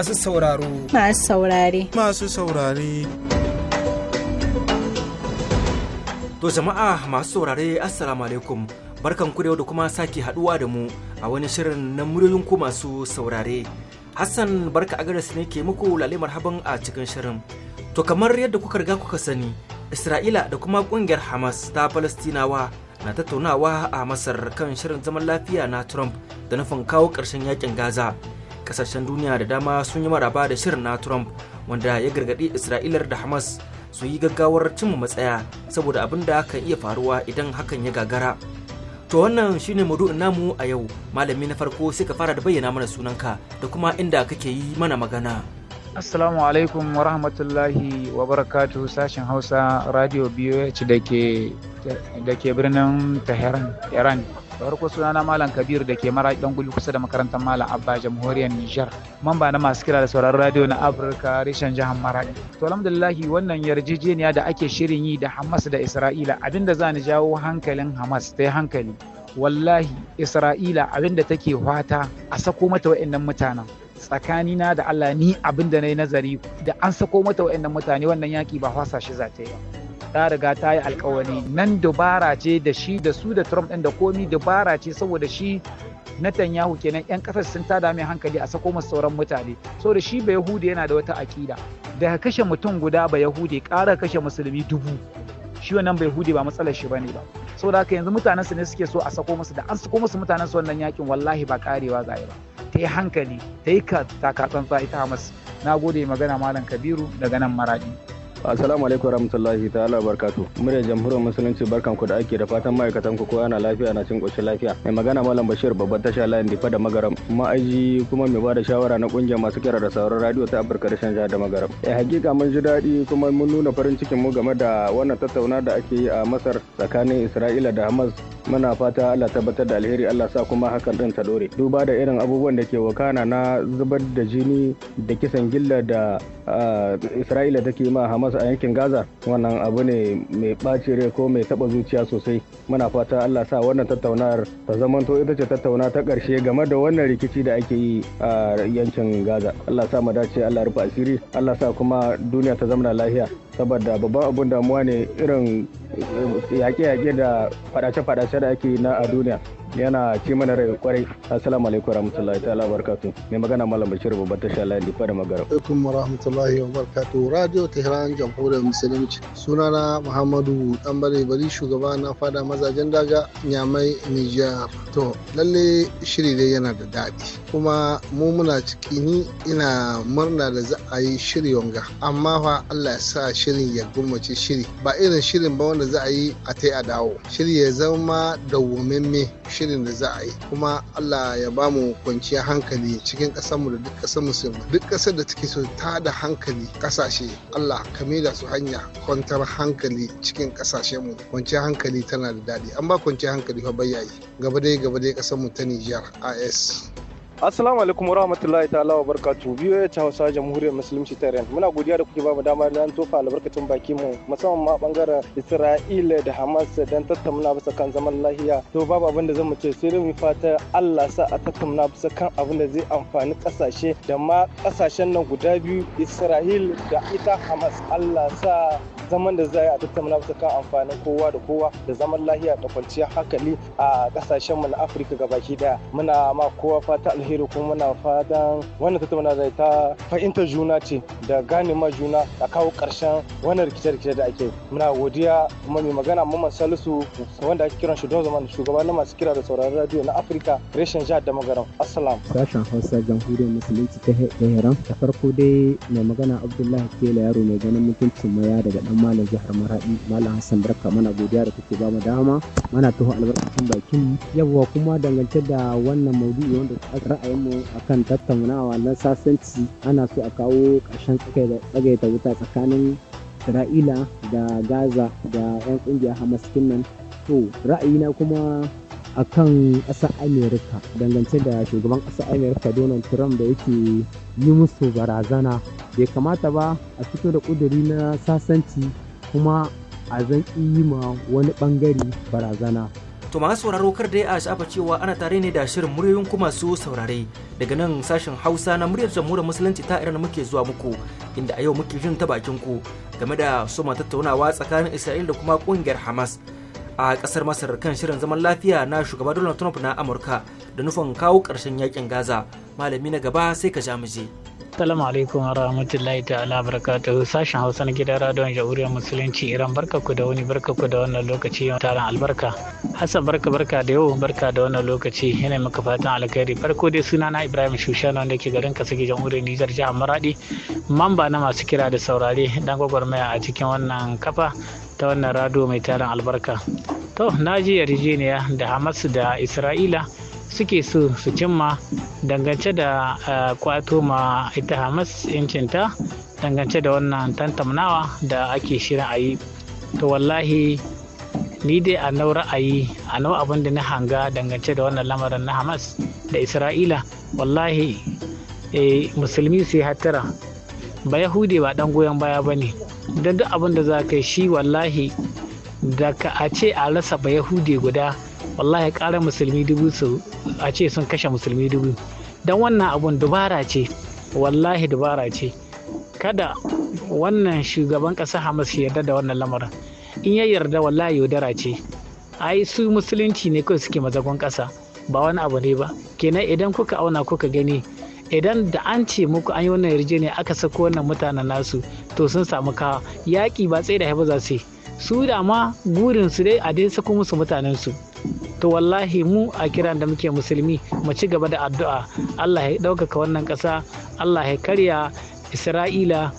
masu sauraro. Masu saurare. Masu saurare. To jama'a masu saurare assalamu alaikum barkan ku da kuma sake haduwa da mu a wani shirin na muryoyin ku masu saurare. Hassan barka a garis ne ke muku lalle marhaban a cikin shirin. To kamar yadda kuka riga kuka sani, Isra'ila da kuma kungiyar Hamas ta Falastinawa na tattaunawa a Masar kan shirin zaman lafiya na Trump da nufin kawo ƙarshen yakin Gaza. kasashen duniya da dama sun yi maraba da shirin na trump wanda ya gargaɗi isra'ilar da hamas su yi gaggawar cin matsaya saboda abin da kan iya faruwa idan hakan ya gagara to wannan shine maudu'in namu a yau malami na farko sai ka fara da bayyana mana sunanka da kuma inda kake yi mana magana Assalamu alaikum wa rahmatullahi wa barakatuhu sashen Hausa Radio BOH da ke birnin Tehran, da farko sunana malam kabiru da ke mara dan gudu kusa da makarantar malam abba jamhuriyar nijar mamba na masu kira da sauraron radio na afirka reshen jihar maraɗi to alhamdulillahi wannan yarjejeniya da ake shirin yi da hamas da isra'ila abinda za ni jawo hankalin hamas ta hankali wallahi isra'ila abinda take fata a sako mata wa'annan mutanen tsakanina da Allah ni abinda na yi nazari da an sako mata wa'annan mutane wannan yaki ba hasashe shi za ta yi ta riga ta yi alkawari nan dubara ce da shi da su da Trump ɗin da komi dubara ce saboda shi na Netanyahu kenan 'yan kasar sun tada mai hankali a sako masu sauran mutane saboda shi ba Yahudi yana da wata aƙida daga kashe mutum guda ba Yahudi ƙara kashe musulmi dubu shi wannan ba Yahudi ba matsalar shi bane ba saboda haka yanzu mutanen su ne suke so a sako musu da an sako musu mutanen su wannan yakin wallahi ba karewa zai ba ta yi hankali ta yi ka tsantsa ita Hamas na gode magana malam Kabiru daga nan Maradi Assalamu alaikum warahmatullahi ta'ala barkatu. Murya jamhuriyar musulunci barkan ku da ake da fatan ma'aikatan ku kowa na lafiya na cin ƙoshin lafiya. Mai magana Malam Bashir babban tasha layin difa da magaram. Ma'aji kuma mai bada shawara na kungiyar masu kira da sauran radio ta Afirka da shan da magaram. Eh hakika mun ji daɗi kuma mun nuna farin cikin mu game da wannan tattauna da ake yi a Masar tsakanin Isra'ila da Hamas. Muna fata Allah tabbatar da alheri Allah sa kuma hakan din ta dore. Duba da irin abubuwan da ke wakana na zubar da jini da kisan gilla da isra'ila take ma hamas a yankin gaza wannan abu ne mai ɓaci rai ko mai taɓa zuciya sosai muna fata allah sa wannan tattaunawar ta zamanto ita ce tattauna ta ƙarshe game da wannan rikici da ake yi a yankin gaza allah sa mu dace allah rufe asiri allah sa kuma duniya ta zama lafiya saboda babban abun damuwa ne irin yaƙe-yaƙe da faɗace-faɗace da ake yi na a duniya yana ce mana rai kwarai assalamu alaikum warahmatullahi ta'ala barkatu mai magana malam bashir babban Tashar? layin difa da magara alaikum warahmatullahi wabarakatu. radio tehran jamhuriyar musulunci sunana muhammadu dambare bari shugaba na fada mazajen daga nyamai niger to lalle shiri dai yana da daɗi kuma mu muna ciki ni ina murna da za a yi shiri wanga amma fa allah ya sa shirin ya gurmace shiri ba irin shirin ba wanda za a yi a tai a dawo shiri ya zama dawwamamme shirin da za a yi kuma Allah ya ba mu kwanciyar hankali cikin ƙasarmu da duk ƙasar musulmi duk ƙasar da take so ta da hankali ƙasashe Allah ka da su hanya kwantar hankali cikin ƙasashenmu mu kwanciyar hankali tana da daɗi an ba kwanciyar hankali fa bayyayi gaba dai gaba dai ƙasar ta Nijar AS Assalamu alaikum wa rahmatullahi ta'ala wa barkatu biyo ya ta Hausa Jamhuriyar Musulunci ta Iran. Muna godiya da kuke ba mu dama da tofa albarkacin baki mu musamman ma bangaren Isra'ila da Hamas dan tattauna bisa kan zaman lahiya. To babu abin da zamu ce sai dai mu fata Allah sa a tattauna bisa kan abin da zai amfani kasashe da ma kasashen nan guda biyu Isra'il da ita Hamas. Allah sa zaman da za a tattauna bisa kan amfanin kowa da kowa da zaman lahiya da kwanciyar hankali a kasashen mu na Afirka gabaki daya. Muna ma kowa fata alheri alheri kuma muna fatan wannan tattauna zai ta fahimtar juna ce da gane ma juna a kawo ƙarshen wannan rikice-rikice da ake muna godiya kuma mai magana mamman salisu wanda ake kiran shi don zaman shugaba na masu kira da sauraron radio na afirka reshen jihar da magaram assalam sashen hausa jamhuriyar musulunci ta tehran da farko dai mai magana abdullahi kela yaro mai ganin mutuncin maya daga dan malam jihar maradi malam hassan barka mana godiya da kuke ba mu dama mana taho albarkacin bakin yawwa kuma dangance da wannan maudu'i wanda ra'ayinmu kan tattaunawa na sasanci ana so a kawo ƙarshen tsagaita wuta tsakanin isra'ila da gaza da 'yan ƙungiyar hamas nan to ra'ayina kuma a akan ƙasar amerika dangance da shugaban ƙasar amerika donald trump da yake yi musu barazana bai kamata ba a fito da ƙuduri na sasanci kuma a zan yi ma wani ɓangare barazana To masu sauraro kar dai a shafa cewa ana tare ne da shirin muryoyin kuma masu saurare daga nan sashen Hausa na muryar jamhuriyar musulunci ta irin muke zuwa muku inda a yau muke jin ta bakin ku game da soma tattaunawa tsakanin Isra'il da kuma kungiyar Hamas. A kasar Masar kan shirin zaman lafiya na shugaba Donald Trump na Amurka da nufin kawo karshen yakin Gaza. Malami na gaba sai ka ja mu je. Assalamu alaikum wa rahmatullahi ta'ala barakatuhu sashen Hausa na gidan radon jamhuriyar musulunci Iran barka ku da wani barka ku da wannan lokaci taron albarka. Hassan barka barka da yau barka da wannan lokaci yana maka fatan alkhairi farko dai suna na Ibrahim Shushana wanda ke garin sake jamhuriyar Nijar jihar Maradi mamba na masu kira da saurare dan gwagwarmaya a cikin wannan kafa ta wannan rado mai taron albarka. To na ji yarjejeniya da Hamas da Isra'ila suke so su cimma dangance da eh, kwato ma ita hamas yancinta dangance da wannan tantamnawa da ake shirin a yi to wallahi ni dai a nau ra'ayi a nau abin da na hanga dangance da wannan lamarin na hamas da isra'ila wallahi eh, musulmi su yi hatara ba yahudi ba dan goyon baya ba ne don duk abin da za ka shi wallahi da a ce a rasa ba yahudi guda wallahi ƙara musulmi dubu su a ce sun kashe musulmi dubu don wannan abun dubara ce wallahi dubara ce kada wannan shugaban ƙasa hamas ya yarda da wannan lamarin in ya yarda wallahi yaudara ce ai su musulunci ne kawai suke mazagon ƙasa ba wani abu ne ba kenan idan kuka auna kuka gani idan da an ce muku an yi wannan yarjejeniya aka sako wannan mutanen nasu to sun samu kawa yaƙi ba tsaye da haifa za su yi su da ma gurin su dai a dai sako musu mutanen su to wallahi mu a kiran da muke musulmi mu ci gaba da addu'a Allah ya ɗaukaka wannan ƙasa Allah ya karya Isra'ila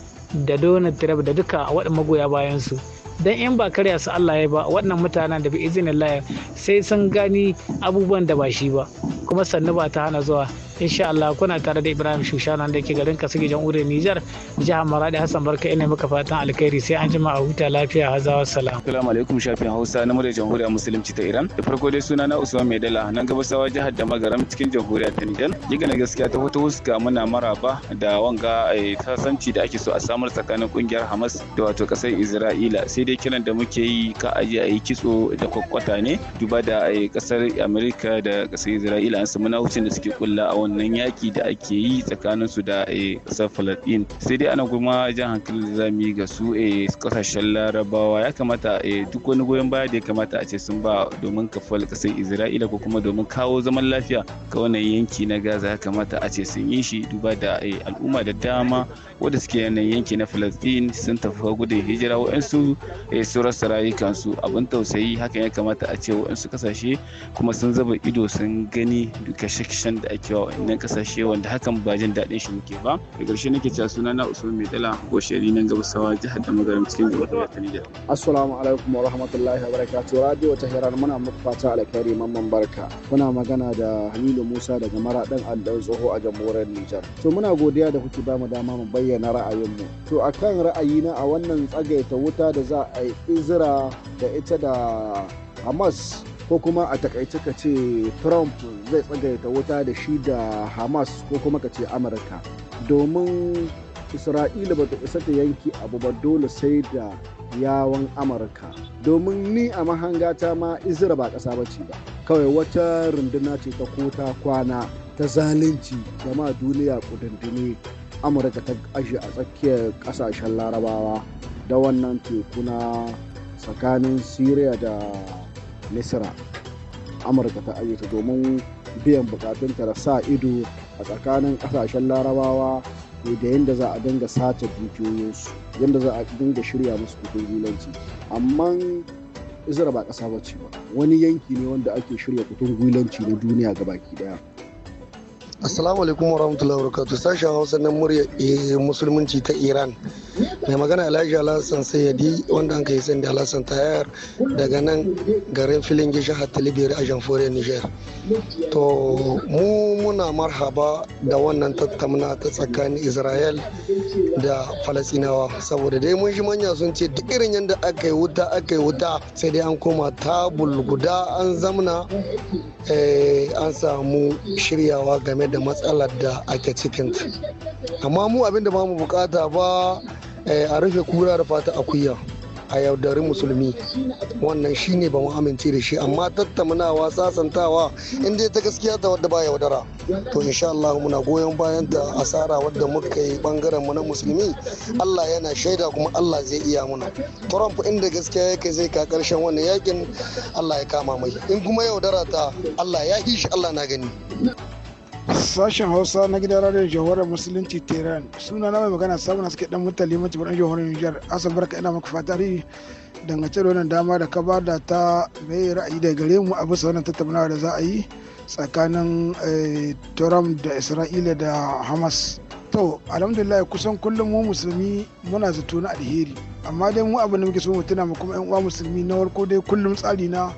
da Donald Trump da duka waɗanda magoya bayansu. dan in ba karya su Allah ya ba wannan mutanen da bi izinin laya sai sun gani abubuwan da ba shi ba kuma sannu ba ta hana zuwa insha Allah kuna tare da Ibrahim Shushana da ke garin Kasige jamhuriyar Nijar jihar Maradi Hassan Barka ina maka fatan alkhairi sai an jima a huta lafiya hazawa salam assalamu alaikum shafin Hausa na muryar jamhuriyar musulunci ta Iran da farko dai suna na Usman Maidala nan gabasawa jihar da magaram cikin jamhuriyar ta Nijar diga na gaskiya ta hoto huska muna maraba da wanga eh, sasanci da ake so a samar tsakanin kungiyar Hamas da wato kasar Isra'ila sai dai kiran da muke yi ka aje a yi kitso da kwakwata ne duba da a eh, kasar amurka da kasar Isra'ila an samu nahucin da suke kulla a wannan yaki da ake yi tsakanin su da kasar eh, Falasɗin. Sai dai ana kuma jan hankali da zamu yi ga su kasashen eh, Larabawa ya kamata duk wani goyon baya da ya kamata a ce sun ba domin kafuwar kasar Isra'ila ko kuma domin kawo zaman lafiya ga wannan yanki na Gaza ya kamata a ce sun yi shi duba da al'umma da dama wanda suke yanayin yanki na Falasɗin sun tafi gudun hijira wa'ansu Eh, su rasa rayukansu abin tausayi hakan ya kamata a ce waɗansu kasashe kuma sun zaba ido sun gani duka kashen da ake wa wannan kasashe wanda hakan ba jin daɗin shi muke ba da ƙarshe nake cewa suna na usman mai dala goshari nan sawa jihar da magaram cikin gaba da nijar assalamu alaikum wa rahmatullahi wa barakatuh radio ta hirar muna muku fata alkhairi mamman barka kuna magana da halilu musa daga maraɗin allon tsoho a jamhuriyar nijar to muna godiya da kuke bamu dama mu bayyana ra'ayinmu to akan ra'ayina a wannan tsagaita wuta da za za a yi izira da ita da hamas ko kuma a takaice ka ce trump zai tsagaita wuta da shi da hamas ko kuma ka ce amurka domin isra'ila ba ta isa ta yanki abu ba dole sai da yawon amurka domin ni a mahangata ma izira ba ƙasa ba ce ba kawai wata runduna ce ta kota kwana ta zalunci jama'a duniya kudundune amurka ta ashe a tsakiyar ƙasashen larabawa da wannan teku na tsakanin syria da misira amurka ta ayyuta domin biyan bukatunta da sa ido a tsakanin kasashen larabawa da yadda za a dinga sace dukiyoyinsu yadda za a dinga shirya musu kudin gulanci amma isra ba kasa ce ba wani yanki ne wanda ake shirya kudin gulanci na duniya gabaki daya Assalamu alaikum warahmatullahi wabarakatuh. Sashen Hausa na murya eh, musulunci ta Iran. Mai magana Alhaji Alhassan Sayyadi wanda an kai sani da Tayar daga nan garin filin gishin Hatalibiyar a Jamfore Niger. To mu muna marhaba da wannan tattamna ta tsakanin Israel da Falasinawa saboda dai mun shi manya sun ce duk irin yadda aka yi wuta aka yi wuta sai dai an koma tabul guda an zamna eh, an samu shiryawa game da matsalar da ake cikinta amma mu abin da ba mu bukata ba eh, a rufe kura da fata akuya a yaudari musulmi wannan shine ba mu amince da shi amma tattaunawa sasantawa in dai ta gaskiya ta wadda ba yaudara to insha Allah muna goyon bayan ta asara wadda muka yi bangaren mu na musulmi Allah yana shaida kuma Allah zai iya muna Trump inda gaskiya yake zai ka karshen wannan yakin Allah ya kama mai in kuma yaudara ta Allah ya shi Allah na gani Sashen Hausa na gidan radio jawarar Musulunci Tehran suna na mai magana samun suke dan mutane mace baran jawarar Nijar asan barka ina maka fatari dangace da wannan dama da ka ba da ta mai ra'ayi da gare mu a bisa wannan tattaunawa da za a yi tsakanin eh, Trump da Isra'ila da Hamas. To alhamdulillah kusan kullum mu musulmi muna zato na alheri amma dai mu abin da muke so mu tuna mu kuma yan uwa musulmi na farko dai kullum tsari na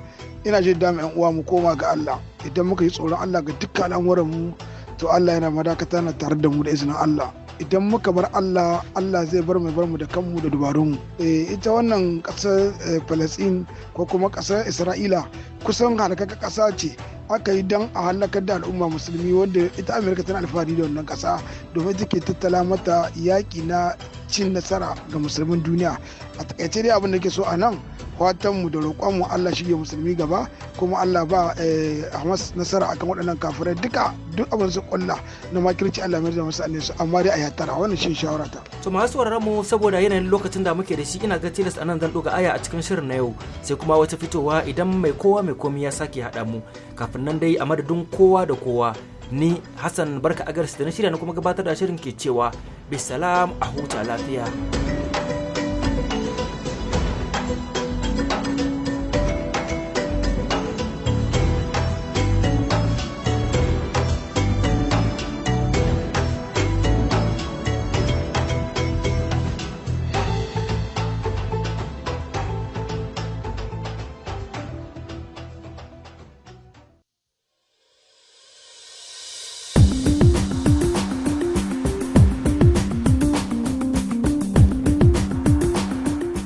ina jin dama yan uwa mu koma ga Allah. idan muka yi tsoron Allah ga duka al'amuran mu to Allah yana madakata na tare da mu da izinin Allah idan muka bar Allah Allah zai bar mu bar mu da kanmu da dubarun mu eh, ita wannan ƙasar eh, Palestine ko kuma ƙasar Isra'ila kusan halakaka ƙasa ce aka yi don a halakar da al'umma musulmi wanda ita Amurka tana alfahari da wannan ƙasa domin take tattala mata yaƙi na cin nasara ga musulmin duniya a takaice dai abin da ke so a nan fatan mu da roƙon mu Allah shi ya musulmi gaba kuma Allah ba eh, Hamas nasara akan waɗannan kafirai duka duk abin su kulla na makirci Allah mai da musu Allah su amma dai a tara wannan shi shawara ta to masu sauraron mu saboda yanayin lokacin da muke da shi ina ga tilas anan zan ɗoga aya a cikin shirin na yau sai kuma wata fitowa idan mai kowa mai komi ya sake haɗa mu kafin nan dai a madadin kowa da kowa ni Hassan Barka agarsi da na shirya na kuma gabatar da shirin ke cewa bisalam a huta lafiya.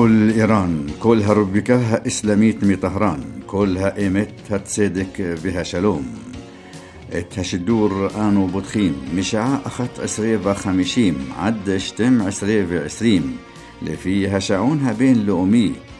كل إيران كلها ربكها إسلاميت مي طهران كلها إيمت هتصدق بها شلوم الدور آنو بطخيم مشاع أخت عسرية وخمشيم عد شتم عسرية وعسريم لفيها هشعونها بين لؤمي